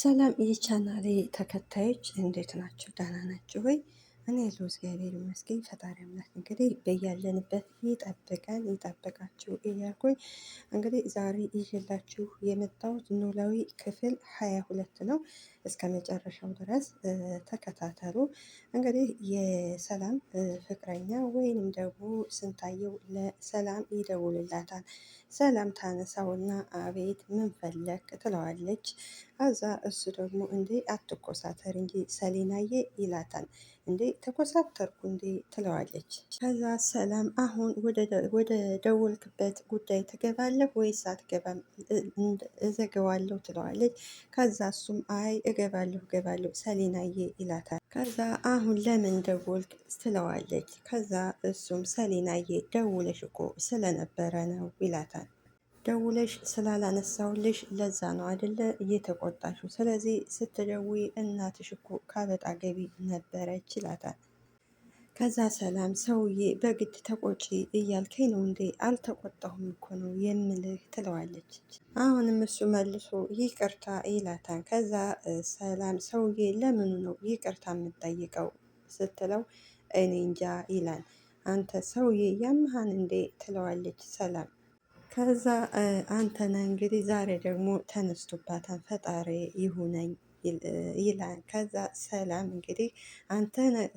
ሰላም የቻናሌ ተከታዮች እንዴት ናቸው? ደህና ናቸው ወይ? እኔ ያለው እግዚአብሔር ይመስገን። ፈጣሪ አምላክ እንግዲህ በያለንበት ይጠብቀን ይጠብቃችሁ እያልኩኝ እንግዲህ ዛሬ ይዤላችሁ የመጣሁት ኖላዊ ክፍል ሀያ ሁለት ነው። እስከ መጨረሻው ድረስ ተከታተሉ። እንግዲህ የሰላም ፍቅረኛ ወይንም ደግሞ ስንታየው ለሰላም ይደውልላታል። ሰላም ታነሳውና አቤት ምን ትለዋለች። አዛ እሱ ደግሞ እንዴ አትኮሳተር እንጂ ሰሊናዬ ይላታል። እንዴ ተኮሳተርኩ እንዴ ትለዋለች። ከዛ ሰላም አሁን ወደ ደወልክበት ጉዳይ ትገባለህ ወይስ አትገባም? እዘገዋለሁ ትለዋለች። ከዛ እሱም አይ እገባለሁ እገባለሁ ሰሊናዬ ይላታል። ከዛ አሁን ለምን ደወልክ ትለዋለች። ከዛ እሱም ሰሊናዬ ደውለሽ እኮ ስለነበረ ነው ይላታል። ደውለሽ ስላላነሳውልሽ ለዛ ነው አደለ እየተቆጣሽው። ስለዚህ ስትደውይ እናትሽ እኮ ካበጣ ገቢ ነበረች ይላታል። ከዛ ሰላም ሰውዬ በግድ ተቆጪ እያልከኝ ነው እንዴ? አልተቆጣሁም እኮ ነው የምልህ ትለዋለች። አሁንም እሱ መልሶ ይቅርታ ይላታል። ከዛ ሰላም ሰውዬ ለምኑ ነው ይቅርታ የምጠይቀው ስትለው እኔ እንጃ ይላል። አንተ ሰውዬ ያምሃን እንዴ? ትለዋለች ሰላም ከዛ አንተነ እንግዲህ ዛሬ ደግሞ ተነስቶባታል። ፈጣሪ ይሁነኝ ይላል። ከዛ ሰላም እንግዲህ አንተ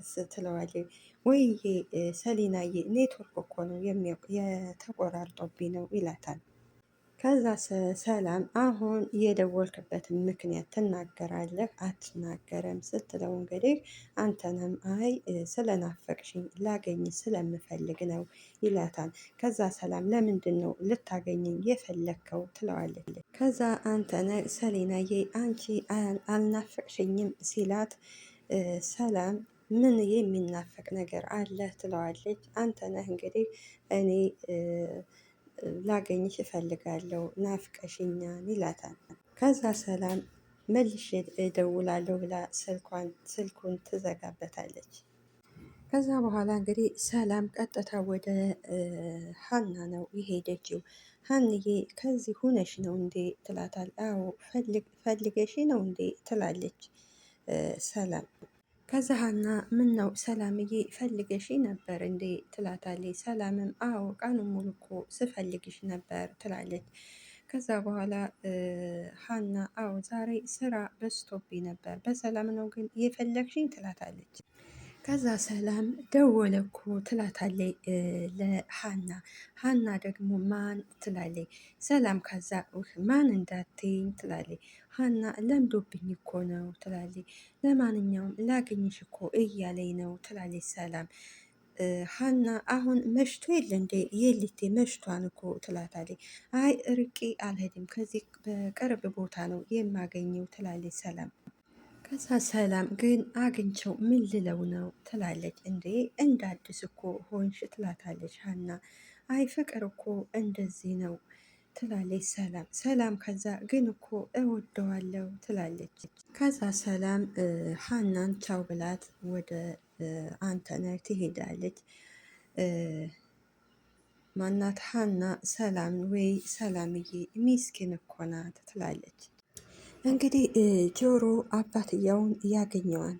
ስትለዋለች፣ ወይዬ ሰሊናዬ ኔትወርክ እኮ ነው የተቆራርጦብኝ ነው ይላታል። ከዛ ሰላም አሁን የደወልክበትን ምክንያት ትናገራለህ አትናገረም ስትለው እንግዲህ አንተንም አይ ስለናፈቅሽኝ ላገኝ ስለምፈልግ ነው ይላታል። ከዛ ሰላም ለምንድን ነው ልታገኝኝ የፈለግከው ትለዋለች። ከዛ አንተነ ሰሌናዬ አንቺ አልናፈቅሽኝም ሲላት ሰላም ምን የሚናፈቅ ነገር አለ ትለዋለች። አንተነህ እንግዲህ እኔ ላገኝሽ እፈልጋለሁ ናፍቀሽኛን ይላታል። ከዛ ሰላም መልሽ እደውላለሁ ብላ ስልኳን ስልኩን ትዘጋበታለች። ከዛ በኋላ እንግዲህ ሰላም ቀጥታ ወደ ሀና ነው የሄደችው። ሀንዬ ከዚህ ሁነሽ ነው እንዴ ትላታል። አዎ ፈልገሽ ነው እንዴ ትላለች ሰላም ከዛ ሀና ምን ነው ሰላምዬ ፈልገሽ ነበር እንዴ ትላታለች። ሰላምም አዎ ቀኑን ሙሉ እኮ ስፈልግሽ ነበር ትላለች። ከዛ በኋላ ሀና አዎ ዛሬ ስራ በስቶቢ ነበር፣ በሰላም ነው ግን የፈለግሽኝ ትላታለች። ከዛ ሰላም ደወለ እኮ ትላታለች ለሀና። ሀና ደግሞ ማን ትላለች። ሰላም ከዛ ማን እንዳትይኝ ትላለች። ሀና ለምዶብኝ እኮ ነው ትላለች። ለማንኛውም ላገኝሽ እኮ እያለኝ ነው ትላለች ሰላም። ሀና አሁን መሽቶ የለ እንደ የሊቴ መሽቷን እኮ ትላታለች። አይ ርቄ አልሄድም ከዚህ በቅርብ ቦታ ነው የማገኘው ትላለች ሰላም። ከዛ ሰላም ግን አግኝቸው ምን ልለው ነው ትላለች። እንዴ እንደ አዲስ እኮ ሆንሽ ትላታለች ሀና። አይ ፍቅር እኮ እንደዚህ ነው ትላለች ሰላም። ሰላም ከዛ ግን እኮ እወደዋለሁ ትላለች። ከዛ ሰላም ሀናን ቻው ብላት ወደ አንተነህ ትሄዳለች። ማናት ሀና ሰላም ወይ ሰላምዬ ሚስኪን እኮ ናት ትላለች። እንግዲህ ጆሮ አባትየውን ያገኘዋል።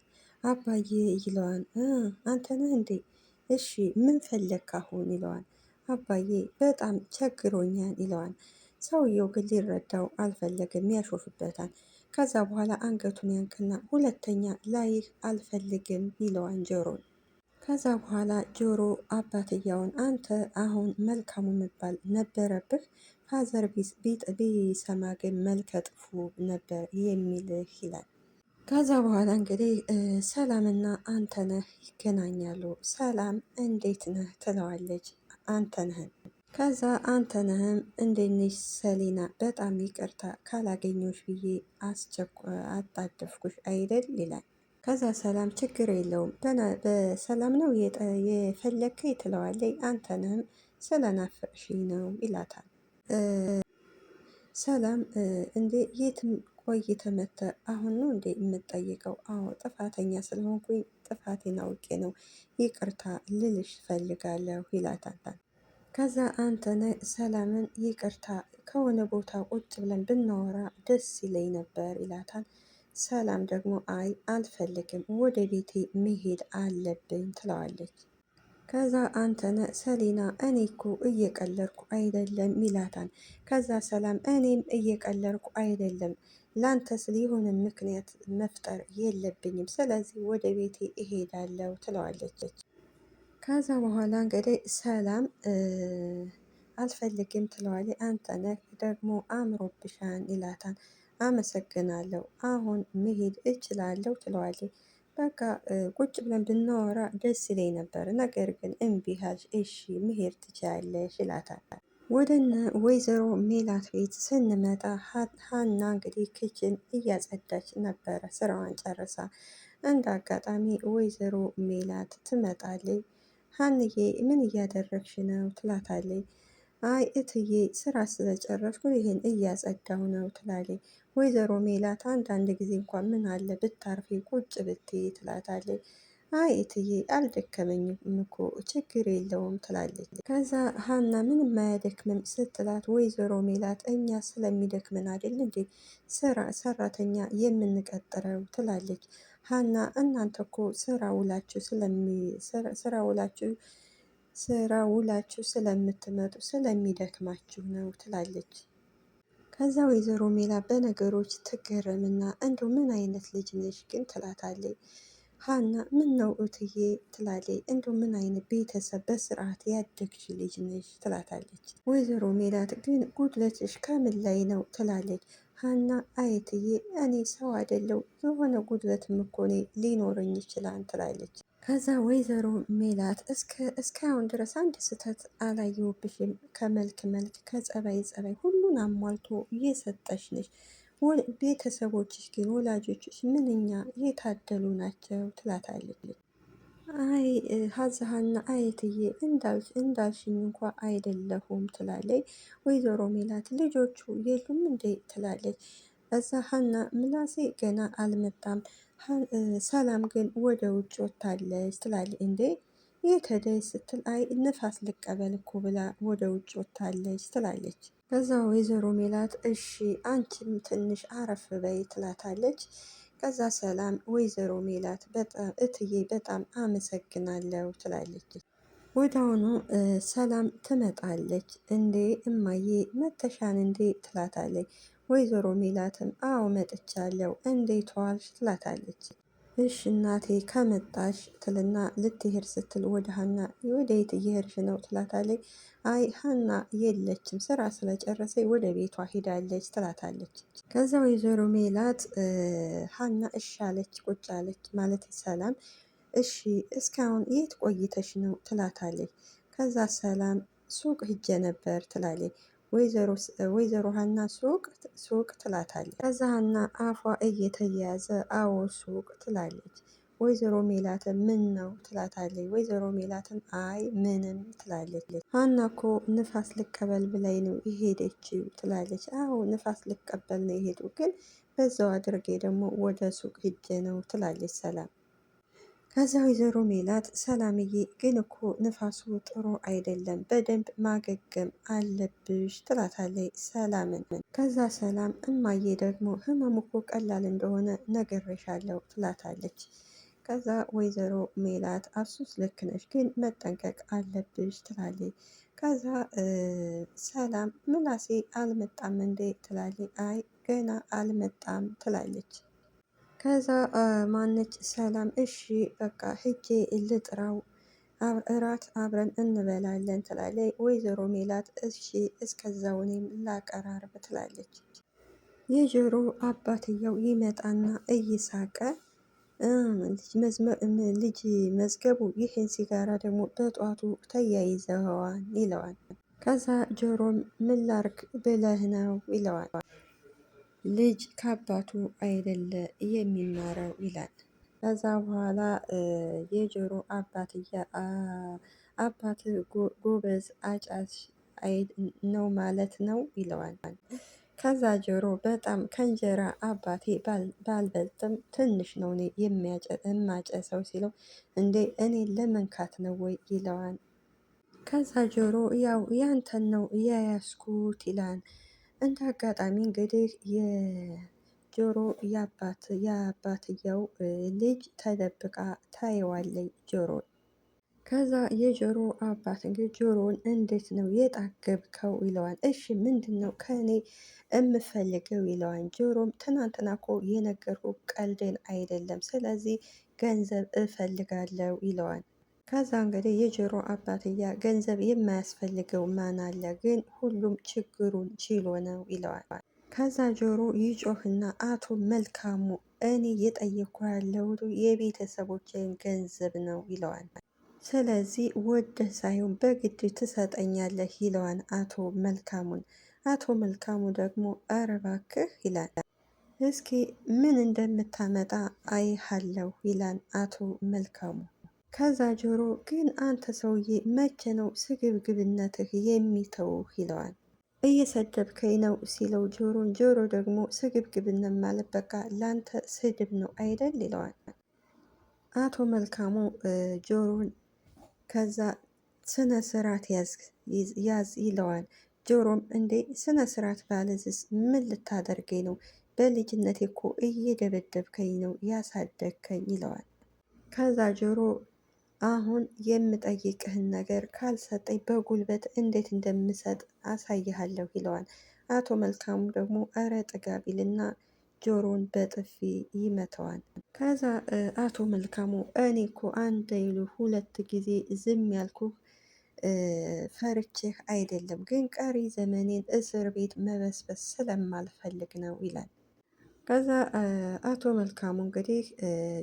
አባዬ ይለዋል። አንተነህ እንዴ? እሺ ምን ፈለግ ካሁን ይለዋል። አባዬ በጣም ቸግሮኛል ይለዋል። ሰውየው ግን ሊረዳው አልፈለግም፣ ያሾፍበታል። ከዛ በኋላ አንገቱን ያንቅና ሁለተኛ ላይህ አልፈልግም ይለዋል ጆሮን። ከዛ በኋላ ጆሮ አባትያውን አንተ አሁን መልካሙ መባል ነበረብህ፣ ፋዘር ቢሰማ ግን መልከጥፉ ነበር የሚልህ ይላል። ከዛ በኋላ እንግዲህ ሰላምና አንተነህ ይገናኛሉ። ሰላም እንዴት ነህ ትለዋለች። አንተ ነህን። ከዛ አንተ ነህም እንዴንሽ ሰሊና በጣም ይቅርታ ካላገኘሽ ብዬ አስቸኩ አጣደፍኩሽ አይደል ይላል። ከዛ ሰላም ችግር የለውም በሰላም ነው የፈለግከኝ ትለዋለች። አንተንም ስለናፈቅሽ ነው ይላታል። ሰላም እንዴ የትም ቆይተህ መጥተህ አሁን ነው እንዴ የምጠይቀው? አዎ ጥፋተኛ ስለሆንኩኝ ጥፋቴን አውቄ ነው ይቅርታ ልልሽ ፈልጋለሁ ይላታታል። ከዛ አንተ ሰላምን ይቅርታ ከሆነ ቦታ ቁጭ ብለን ብናወራ ደስ ይለኝ ነበር ይላታል። ሰላም ደግሞ አይ አልፈልግም ወደ ቤቴ መሄድ አለብኝ ትለዋለች። ከዛ አንተነህ ሰሊና እኔ እኮ እየቀለድኩ አይደለም ይላታል። ከዛ ሰላም እኔም እየቀለርኩ አይደለም ላንተስ ሊሆን ምክንያት መፍጠር የለብኝም ስለዚህ ወደ ቤቴ እሄዳለሁ ትለዋለች። ከዛ በኋላ እንግዲህ ሰላም አልፈልግም ትለዋለች። አንተነህ ደግሞ አምሮብሻን ይላታል። አመሰግናለሁ አሁን መሄድ እችላለሁ ትለዋለች። በቃ ቁጭ ብለን ብናወራ ደስ ይለኝ ነበር። ነገር ግን እምቢ አልሽ። እሺ መሄድ ትችያለሽ ይላታል። ወደነ ወይዘሮ ሜላት ቤት ስንመጣ ሀና እንግዲህ ክችን እያጸዳች ነበረ ስራዋን ጨርሳ። እንደ አጋጣሚ ወይዘሮ ሜላት ትመጣለች። ሀንዬ ምን እያደረግሽ ነው ትላታለች። አይ እትዬ ስራ ስለጨረስኩ ይሄን እያጸዳሁ ነው ትላለች። ወይዘሮ ሜላት አንዳንድ ጊዜ እንኳን ምን አለ ብታርፊ ቁጭ ብትይ ትላታለች። አይ እትዬ አልደከመኝም እኮ ችግር የለውም ትላለች። ከዛ ሀና ምንም አያደክምም ስትላት ወይዘሮ ሜላት እኛ ስለሚደክመን አይደል እንዴ ስራ ሰራተኛ የምንቀጥረው ትላለች። ሀና እናንተ እኮ ስራ ውላችሁ ስለሚ ስራ ውላችሁ ስራ ውላችሁ ስለምትመጡ ስለሚደክማችሁ ነው ትላለች። ከዛ ወይዘሮ ሜላ በነገሮች ትገረምና እንደው ምን አይነት ልጅ ነሽ ግን ትላታለች። ሀና ምን ነው እትዬ ትላለች። እንደው ምን አይነት ቤተሰብ በስርዓት ያደግሽ ልጅ ነሽ ትላታለች። ወይዘሮ ሜላት ግን ጉድለትሽ ከምን ላይ ነው ትላለች። ሀና አይትዬ እኔ ሰው አይደለው የሆነ ጉድለት ምኮኔ ሊኖረኝ ይችላል ትላለች። ከዛ ወይዘሮ ሜላት እስካሁን ድረስ አንድ ስህተት አላየሁብሽም፣ ከመልክ መልክ፣ ከጸባይ ጸባይ ሁሉን አሟልቶ እየሰጠሽ ነሽ። ቤተሰቦችሽ ግን ወላጆችሽ ምንኛ የታደሉ ናቸው ትላታለች። አይ ሀዛሀና አይትዬ እንዳልሽ እንዳልሽኝ እንኳ አይደለሁም ትላለች ወይዘሮ ሜላት። ልጆቹ የሉም እንዴ ትላለች። እዛ ሀና ምላሴ ገና አልመጣም ሰላም ግን ወደ ውጭ ወጥታለች ትላለች። እንዴ የተደይ ስትል አይ ንፋስ ልቀበል እኮ ብላ ወደ ውጭ ወጥታለች ትላለች። ከዛ ወይዘሮ ሜላት እሺ አንቺም ትንሽ አረፍ በይ ትላታለች። ከዛ ሰላም ወይዘሮ ሜላት በጣም እትዬ በጣም አመሰግናለሁ ትላለች። ወዲያውኑ ሰላም ትመጣለች። እንዴ እማዬ መተሻን እንዴ ትላታለች። ወይዘሮ ሜላትም አዎ መጥቻለሁ እንዴት ዋልሽ ትላታለች። እሽ እናቴ ከመጣሽ ትልና ልትሄድ ስትል ወደ ሀና ወዴት እየሄድሽ ነው ትላታለች። አይ ሀና የለችም ስራ ስለጨረሰ ወደ ቤቷ ሄዳለች ትላታለች። ከዛ ወይዘሮ ሜላት ሀና እሽ አለች ቁጭ አለች ማለት ሰላም እሺ እስካሁን የት ቆይተሽ ነው ትላታለች። ከዛ ሰላም ሱቅ ሂጄ ነበር ትላለች። ወይዘሮ ሀና ሱቅ ሱቅ ትላታለች። ከዛ ሀና አፏ እየተያያዘ አዎ ሱቅ ትላለች። ወይዘሮ ሜላትን ምን ነው ትላታለች። ወይዘሮ ሜላትም አይ ምንም ትላለች። ሀና እኮ ንፋስ ልቀበል ብላይ ነው የሄደችው ትላለች። አዎ ንፋስ ልቀበል ነው የሄዱ ግን በዛው አድርጌ ደግሞ ወደ ሱቅ ሂጄ ነው ትላለች ሰላም ከዛ ወይዘሮ ሜላት ሰላምዬ፣ ግን እኮ ንፋሱ ጥሩ አይደለም፣ በደንብ ማገገም አለብሽ ትላታለች ሰላምን። ከዛ ሰላም እማዬ ደግሞ ህመሙ እኮ ቀላል እንደሆነ ነግሬሻለሁ ትላታለች። ከዛ ወይዘሮ ሜላት አሱስ ልክ ነሽ፣ ግን መጠንቀቅ አለብሽ ትላለች። ከዛ ሰላም ምላሴ አልመጣም እንዴ ትላለች። አይ ገና አልመጣም ትላለች። ከዛ ማነች ሰላም እሺ በቃ ሂጄ ልጥራው እራት አብረን እንበላለን ትላለች። ወይዘሮ ሜላት እሺ እስከዛው እኔም ላቀራርብ ትላለች። የጆሮ አባትየው ይመጣና እየሳቀ ልጅ መዝገቡ ይህን ሲጋራ ደግሞ በጧቱ ተያይዘዋል ይለዋል። ከዛ ጆሮም ምን ላርግ ብለህ ነው ይለዋል። ልጅ ከአባቱ አይደለ የሚማረው ይላል። ከዛ በኋላ የጆሮ አባትያ አባት ጎበዝ አጫሽ ነው ማለት ነው ይለዋል። ከዛ ጆሮ በጣም ከእንጀራ አባቴ ባልበልጥም ትንሽ ነው የማጨሰው ሲለው፣ እንዴ እኔ ለመንካት ነው ወይ ይለዋል። ከዛ ጆሮ ያው ያንተን ነው የያዝኩት ይላል። እንደ አጋጣሚ እንግዲህ የጆሮ የአባት የአባትየው ልጅ ተደብቃ ታየዋለኝ ጆሮ ከዛ የጆሮ አባት እንግዲህ ጆሮን እንዴት ነው የጣገብከው ይለዋል። እሺ ምንድን ነው ከእኔ የምፈልገው ይለዋል። ጆሮም ትናንትና እኮ የነገርኩ ቀልድን አይደለም፣ ስለዚህ ገንዘብ እፈልጋለው ይለዋል። ከዛ እንግዲህ የጆሮ አባትያ ገንዘብ የማያስፈልገው ማን አለ ግን ሁሉም ችግሩን ችሎ ነው ይለዋል። ከዛ ጆሮ ይጮህና አቶ መልካሙ እኔ የጠየኩ ያለው የቤተሰቦችን ገንዘብ ነው ይለዋል። ስለዚህ ወደ ሳይሆን በግድ ትሰጠኛለህ ይለዋል አቶ መልካሙን። አቶ መልካሙ ደግሞ ኧረ እባክህ ይላል። እስኪ ምን እንደምታመጣ አይሃለሁ ይላል አቶ መልካሙ። ከዛ ጆሮ ግን አንተ ሰውዬ መቼ ነው ስግብግብነትህ የሚተውህ? ይለዋል። እየሰደብከኝ ነው ሲለው ጆሮ ጆሮ ደግሞ ስግብግብነት ማለት በቃ ላንተ ስድብ ነው አይደል? ይለዋል። አቶ መልካሙ ጆሮን ከዛ ስነ ስርዓት ያዝ ይለዋል። ጆሮም እንዴ ስነ ስርዓት ባለዝስ ምን ልታደርገኝ ነው? በልጅነት እኮ እየደበደብከኝ ነው ያሳደግከኝ ይለዋል። ከዛ ጆሮ አሁን የምጠይቅህን ነገር ካልሰጠኝ በጉልበት እንዴት እንደምሰጥ አሳይሃለሁ ይለዋል። አቶ መልካሙ ደግሞ እረ ጥጋቢልና ጆሮን በጥፊ ይመተዋል። ከዛ አቶ መልካሙ እኔ እኮ አንድ ይሉ ሁለት ጊዜ ዝም ያልኩ ፈርቼህ አይደለም፣ ግን ቀሪ ዘመኔን እስር ቤት መበስበስ ስለማልፈልግ ነው ይላል። ከዛ አቶ መልካሙ እንግዲህ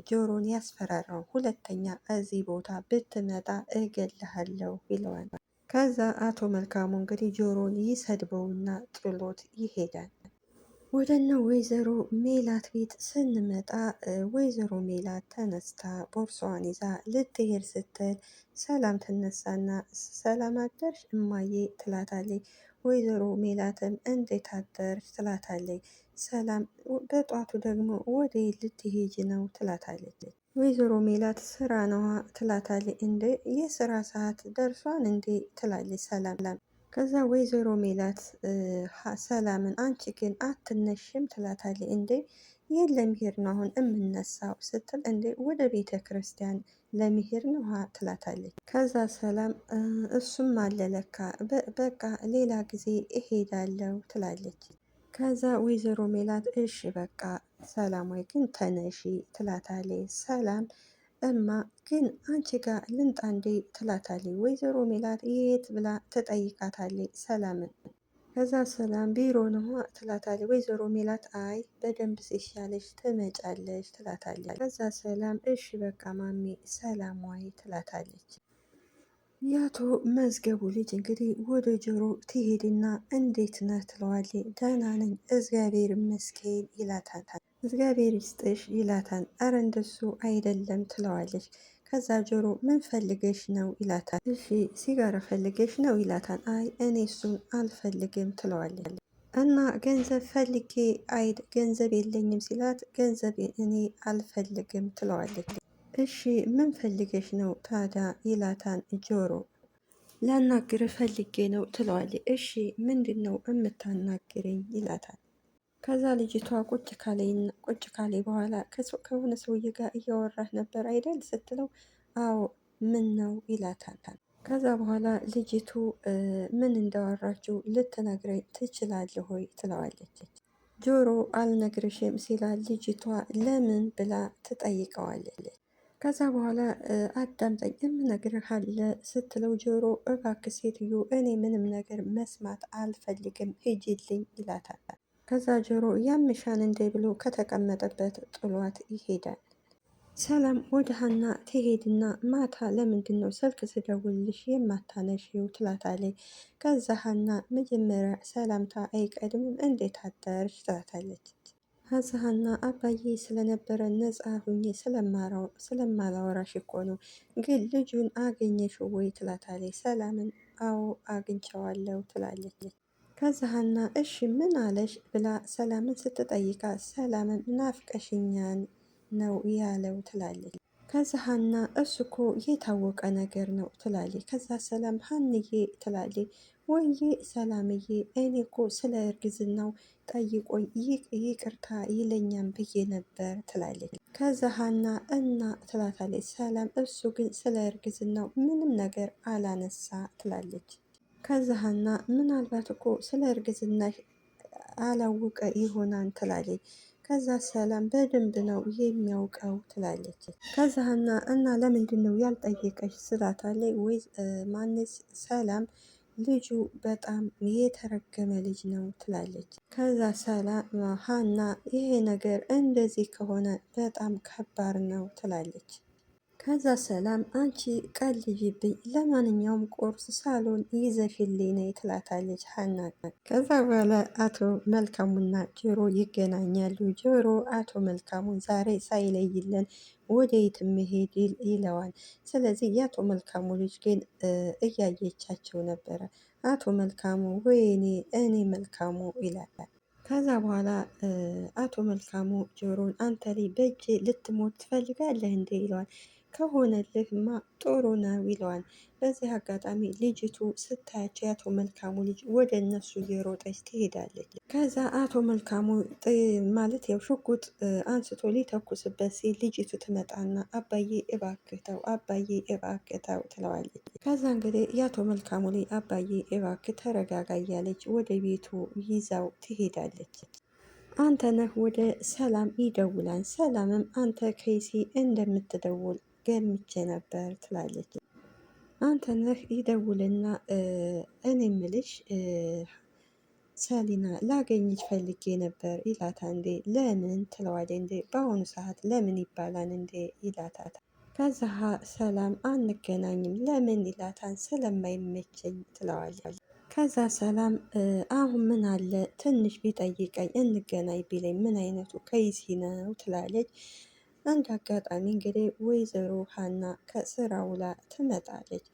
ጆሮን ያስፈራራው፣ ሁለተኛ እዚህ ቦታ ብትመጣ እገልሃለሁ ይለዋል። ከዛ አቶ መልካሙ እንግዲህ ጆሮን ይሰድበውና ጥሎት ይሄዳል። ወደነ ወይዘሮ ሜላት ቤት ስንመጣ ወይዘሮ ሜላት ተነስታ ቦርሳዋን ይዛ ልትሄድ ስትል ሰላም ትነሳና ሰላም አደርሽ እማዬ ትላታለች። ወይዘሮ ሜላትም እንዴት አደርሽ ትላታለች። ሰላም በጧቱ ደግሞ ወደ ልትሄጅ ነው ትላታለች። ወይዘሮ ሜላት ስራ ነዋ ትላታለች። እንደ የስራ ሰዓት ደርሷን እንዴ ትላለች ሰላም። ከዛ ወይዘሮ ሜላት ሰላምን አንቺ ግን አትነሽም ትላታለች። እንዴ የት ነው አሁን የምነሳው ስትል፣ እንዴ ወደ ቤተ ክርስቲያን ለምሄር ነው ትላታለች። ከዛ ሰላም እሱም አለለካ በቃ ሌላ ጊዜ እሄዳለሁ ትላለች። ከዛ ወይዘሮ ሜላት እሺ በቃ ሰላም ወይ ግን ተነሺ ትላታሌ። ሰላም እማ ግን አንቺ ጋር ልንጣ እንዴ ትላታሌ ወይዘሮ ሜላት የት ብላ ትጠይቃታሌ ሰላምን። ከዛ ሰላም ቢሮ ነዋ ትላታሌ። ወይዘሮ ሜላት አይ በደንብ ሲሻለሽ ትመጫለሽ ትላታለች። ከዛ ሰላም እሺ በቃ ማሜ ሰላም ወይ ትላታለች። የአቶ መዝገቡ ልጅ እንግዲህ ወደ ጆሮ ትሄድና እንዴት ነህ ትለዋለች። ደህና ነኝ እግዚአብሔር ይመስገን ይላታል። እግዚአብሔር ይስጥሽ ይላታል። አረ እንደሱ አይደለም ትለዋለች። ከዛ ጆሮ ምን ፈልገሽ ነው ይላታል። እሺ ሲጋራ ፈልገሽ ነው ይላታል። አይ እኔ እሱን አልፈልግም ትለዋለች። እና ገንዘብ ፈልጌ አይድ ገንዘብ የለኝም ሲላት ገንዘብ እኔ አልፈልግም ትለዋለች። እሺ ምን ፈልገሽ ነው ታዲያ ይላታን ጆሮ። ላናግር ፈልጌ ነው ትለዋለች። እሺ ምንድን ነው እምታናግረኝ ይላታል። ከዛ ልጅቷ ቁጭ ካሌ በኋላ ከሆነ ሰውዬ ጋር እያወራህ ነበር አይደል ስትለው፣ አዎ ምን ነው ይላታል። ከዛ በኋላ ልጅቱ ምን እንዳወራችው ልትነግረኝ ትችላለህ ሆይ ትለዋለች። ጆሮ አልነግርሽም ሲላ ልጅቷ ለምን ብላ ትጠይቀዋለች። ከዛ በኋላ አዳምጠኝ የምነግርህ አለ ስትለው ጆሮ እባክህ ሴትዮ እኔ ምንም ነገር መስማት አልፈልግም ሂጂልኝ ይላታል። ከዛ ጆሮ ያምሻን እንዴ ብሎ ከተቀመጠበት ጥሏት ይሄዳል። ሰላም ወደ ሀና ትሄድና ማታ ለምንድን ነው ስልክ ስደውልሽ የማታነሽው? ትላታለች። ከዛ ሀና መጀመሪያ ሰላምታ አይቀድምም እንዴት አደርሽ? ትላታለች። አዛሃና አባዬ ስለነበረ ነጻ ሁኜ ስለማላወራሽ እኮ ነው። ግን ልጁን አገኘሽ ወይ ትላታለች። ሰላምን አዎ አግኝቸዋለሁ ትላለች። ከዛሃና እሺ ምን አለሽ ብላ ሰላምን ስትጠይቃ ሰላምን ናፍቀሽኛን ነው ያለው ትላለች። ከዛ ሀና እሱ እኮ የታወቀ ነገር ነው ትላለች። ከዛ ሰላም ሀንዬ ትላለች። ወይዬ ሰላምዬ እኔ እኮ ስለ እርግዝናው ጠይቆኝ ይቅርታ ይለኛም ብዬ ነበር ትላለች። ከዛ ሀና እና ትላታለች። ሰላም እሱ ግን ስለ እርግዝናው ምንም ነገር አላነሳ ትላለች። ከዛ ሀና ምናልባት እኮ ስለ እርግዝና አላወቀ ይሆናል ትላለች። ከዛ ሰላም በደንብ ነው የሚያውቀው ትላለች። ከዛ ሀና እና ለምንድን ነው ያልጠየቀች ስላታ ላይ ወይ ማነች ሰላም ልጁ በጣም የተረገመ ልጅ ነው ትላለች። ከዛ ሰላም ሀና ይሄ ነገር እንደዚህ ከሆነ በጣም ከባድ ነው ትላለች። ከዛ ሰላም አንቺ ቀልጂብኝ፣ ለማንኛውም ቁርስ ሳሎን ይዘፊልኝ ነይ ትላታለች ሀና። ከዛ በኋላ አቶ መልካሙና ጆሮ ይገናኛሉ። ጆሮ አቶ መልካሙን ዛሬ ሳይለይለን ወደየት መሄድ ይለዋል። ስለዚህ የአቶ መልካሙ ልጅ ግን እያየቻቸው ነበረ። አቶ መልካሙ ወይኔ እኔ መልካሙ ይላል። ከዛ በኋላ አቶ መልካሙ ጆሮን አንተ ላይ በእጅ ልትሞት ትፈልጋለህ እንዴ ይለዋል። ከሆነልህማ ጥሩ ነው ይለዋል። በዚህ አጋጣሚ ልጅቱ ስታያቸው የአቶ መልካሙ ልጅ ወደ እነሱ እየሮጠች ትሄዳለች። ከዛ አቶ መልካሙ ማለት ያው ሽጉጥ አንስቶ ሊተኩስበት ሲል ልጅቱ ትመጣና አባዬ እባክተው አባዬ እባክተው ትለዋለች። ከዛ እንግዲህ የአቶ መልካሙ ልጅ አባዬ እባክ ተረጋጋ እያለች ወደ ቤቱ ይዛው ትሄዳለች። አንተ ነህ ወደ ሰላም ይደውላል። ሰላምም አንተ ከይሲ እንደምትደውል ገምቼ ነበር ትላለች። ነህ ይደውልና እኔ ምልሽ ሰሊና ላገኝች ፈልጌ ነበር ይላታ እንዴ ለምን ትለዋለ። እንዴ በአሁኑ ሰዓት ለምን ይባላል እንዴ ይላታታ። ከዛ ሰላም አንገናኝም ለምን ይላታን ስለማይመቸኝ ትለዋለች። ከዛ ሰላም አሁን ምን አለ ትንሽ ቢጠይቀኝ እንገናኝ ቢለኝ ምን አይነቱ ከይሲ ነው ትላለች። አንድ አጋጣሚ እንግዲህ ወይዘሮ ሀና ከስራ ውላ ትመጣለች።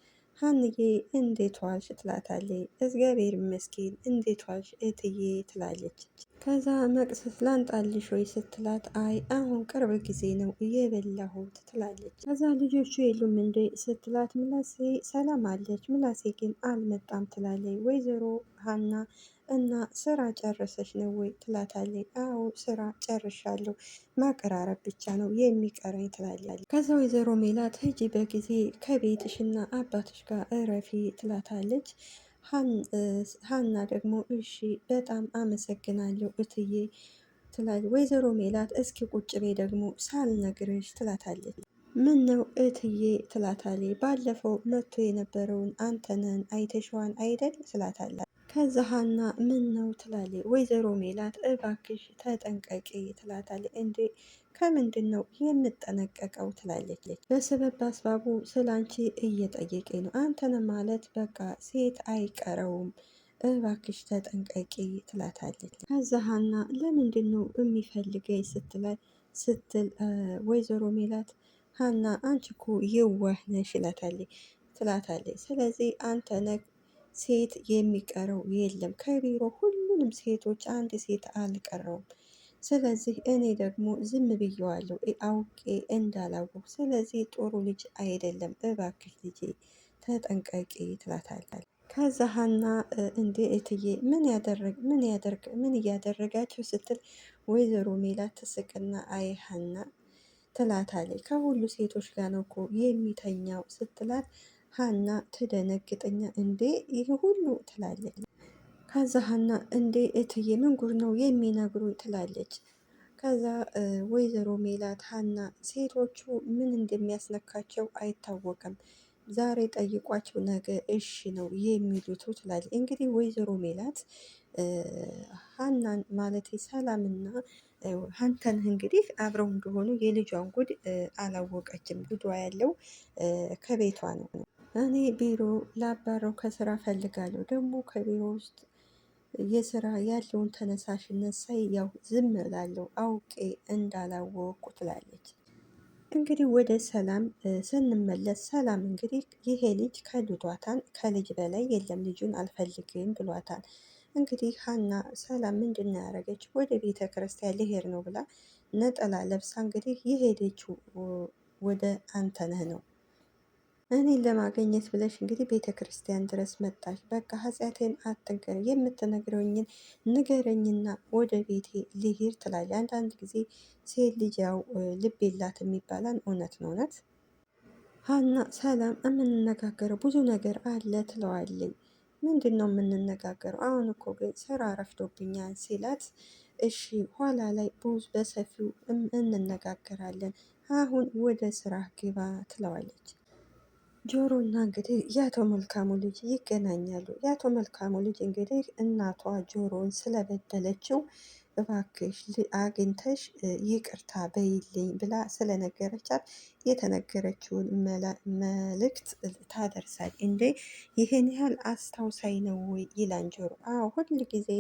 ሀንዬ እንዴት ዋልሽ ትላታለች። እግዚአብሔር ይመስገን እንዴት ዋልሽ እትዬ ትላለች። ከዛ መቅሰስ ላንጣልሽ ወይ ስትላት አይ አሁን ቅርብ ጊዜ ነው የበላሁት ትላለች። ከዛ ልጆቹ የሉም እንዴ ስትላት ምላሴ ሰላም አለች፣ ምላሴ ግን አልመጣም ትላለች። ወይዘሮ ሀና እና ስራ ጨርሰሽ ነው ወይ ትላታለች። አዎ ስራ ጨርሻለሁ ማቀራረብ ብቻ ነው የሚቀረኝ ትላላለች። ከዛ ወይዘሮ ሜላት ሂጂ በጊዜ ከቤትሽና አባትሽ ጋር እረፊ ትላታለች። ሀና ደግሞ እሺ በጣም አመሰግናለሁ እትዬ ትላለች። ወይዘሮ ሜላት እስኪ ቁጭ በይ ደግሞ ሳልነግርሽ ትላታለች። ምን ነው እትዬ ትላታለች። ባለፈው መጥቶ የነበረውን አንተነን አይተሸዋን አይደል ትላታለች። ከዛ ሀና ምን ነው ትላለች። ወይዘሮ ሜላት እባክሽ ተጠንቀቂ ትላታለች። እንዴ ከምንድን ነው የምጠነቀቀው ትላለች። በሰበብ በአስባቡ ስላንቺ እየጠየቄ ነው። አንተን ማለት በቃ ሴት አይቀረውም እባክሽ ተጠንቀቂ ትላታለች። ከዛ ሀና ለምንድን ነው የሚፈልገኝ ስትላል ስትል ወይዘሮ ሜላት ሀና አንቺ እኮ የዋህ ነሽ ትላታለች። ስለዚህ አንተ ነህ ሴት የሚቀረው የለም። ከቢሮ ሁሉንም ሴቶች አንድ ሴት አልቀረውም። ስለዚህ እኔ ደግሞ ዝም ብየዋለሁ አውቄ እንዳላወቅ። ስለዚህ ጥሩ ልጅ አይደለም፣ እባክሽ ልጄ ተጠንቀቂ ትላታለች። ከዛ ሀና እንዴ እትዬ ምን ያደረግ ምን ያደርግ ምን እያደረጋቸው ስትል ወይዘሮ ሜላት ትስቅና አይ ሀና ትላታለች። ከሁሉ ሴቶች ጋር ነው እኮ የሚተኛው ስትላት ሀና ትደነግጠኛ እንዴ ይህ ሁሉ ትላለች። ከዛ ሀና እንዴ እትዬ ምን ነው የሚነግሩ ትላለች። ከዛ ወይዘሮ ሜላት ሀና ሴቶቹ ምን እንደሚያስነካቸው አይታወቅም፣ ዛሬ ጠይቋቸው ነገ እሺ ነው የሚሉት ትላለች። እንግዲህ ወይዘሮ ሜላት ሀናን ማለት ሰላምና ሀንተን እንግዲህ አብረው እንደሆኑ የልጇን ጉድ አላወቀችም። ጉዷ ያለው ከቤቷ ነው። እኔ ቢሮ ላባረው ከስራ ፈልጋለሁ። ደግሞ ከቢሮ ውስጥ የስራ ያለውን ተነሳሽነት ሳይ ያው ዝም እላለሁ አውቄ እንዳላወቁ ትላለች። እንግዲህ ወደ ሰላም ስንመለስ ሰላም እንግዲህ ይሄ ልጅ ከልዷታል። ከልጅ በላይ የለም ልጁን አልፈልግም ብሏታል። እንግዲህ ሀና ሰላም ምንድን ነው ያደረገች? ወደ ቤተ ክርስቲያን ልሄድ ነው ብላ ነጠላ ለብሳ እንግዲህ የሄደችው ወደ አንተነህ ነው። እኔን ለማገኘት ብለሽ እንግዲህ ቤተ ክርስቲያን ድረስ መጣሽ። በቃ ኃጢአቴን አትንገር፣ የምትነግረኝን ንገረኝና ወደ ቤቴ ልሂድ ትላለች። አንዳንድ ጊዜ ሴት ልጅ ያው ልብ የላት የሚባላን እውነት ነው እውነት። ሀና ሰላም የምንነጋገረው ብዙ ነገር አለ ትለዋለኝ። ምንድን ነው የምንነጋገረው? አሁን እኮ ግን ስራ ረፍዶብኛል ሲላት፣ እሺ ኋላ ላይ ብዙ በሰፊው እንነጋገራለን፣ አሁን ወደ ስራ ግባ ትለዋለች። ጆሮ እና እንግዲህ የአቶ መልካሙ ልጅ ይገናኛሉ። የአቶ መልካሙ ልጅ እንግዲህ እናቷ ጆሮን ስለበደለችው እባክሽ አግኝተሽ ይቅርታ በይልኝ ብላ ስለነገረቻት የተነገረችውን መልእክት ታደርሳል። እንዴ ይህን ያህል አስታውሳይ ነው ወይ ይላን ጆሮ። አዎ ሁል ጊዜ